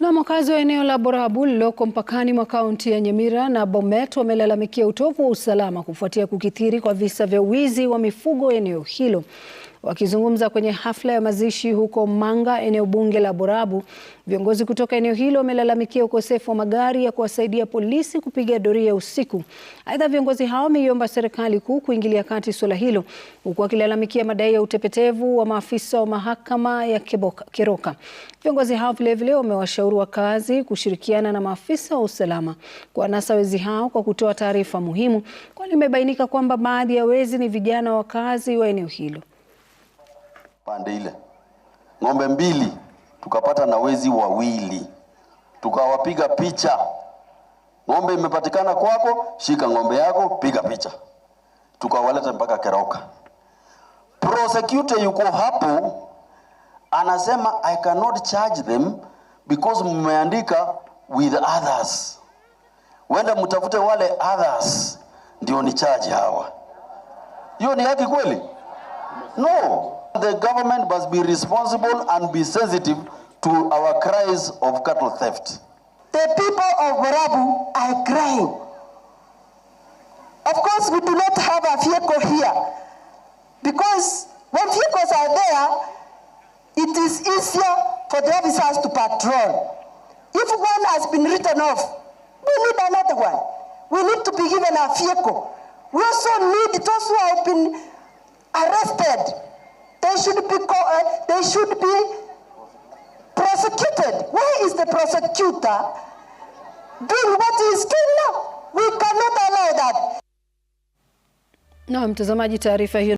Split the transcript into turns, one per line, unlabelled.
Na wakazi wa eneo la Borabu lililoko mpakani mwa kaunti ya Nyamira na Bomet wamelalamikia utovu wa usalama kufuatia kukithiri kwa visa vya wizi wa mifugo eneo hilo. Wakizungumza kwenye hafla ya mazishi huko Manga, eneo bunge la Borabu, viongozi kutoka eneo hilo wamelalamikia ukosefu wa magari ya kuwasaidia polisi kupiga doria usiku. Aidha, viongozi hao wameiomba serikali kuu kuingilia kati suala hilo, huku wakilalamikia madai ya utepetevu wa maafisa wa mahakama ya Keboka, Keroka. Viongozi hao vilevile wamewashauri wakazi kushirikiana na maafisa wa usalama kuwanasa wezi hao kwa kutoa taarifa muhimu, kwani imebainika kwamba baadhi ya wezi ni vijana wakazi wa eneo hilo
pande ile, ng'ombe mbili tukapata na wezi wawili, tukawapiga picha. Ng'ombe imepatikana kwako, shika ng'ombe yako, piga picha. Tukawaleta mpaka Keroka. Prosecutor yuko hapo anasema I cannot charge them because mmeandika with others. Wenda mtafute wale others ndio ni charge hawa. Hiyo ni haki kweli? No. The government must be responsible and be sensitive to our cries of cattle theft.
The people of Rabu are crying. Of course, we do not have a vehicle here because when vehicles are there, it is easier for the officers to patrol. If one has been written off, we need another one. We need to be given a vehicle. We also need those who have been arrested should be, uh, they should be prosecuted. Where is the prosecutor doing what he is doing now? We cannot allow that. Na mtazamaji, taarifa hiyo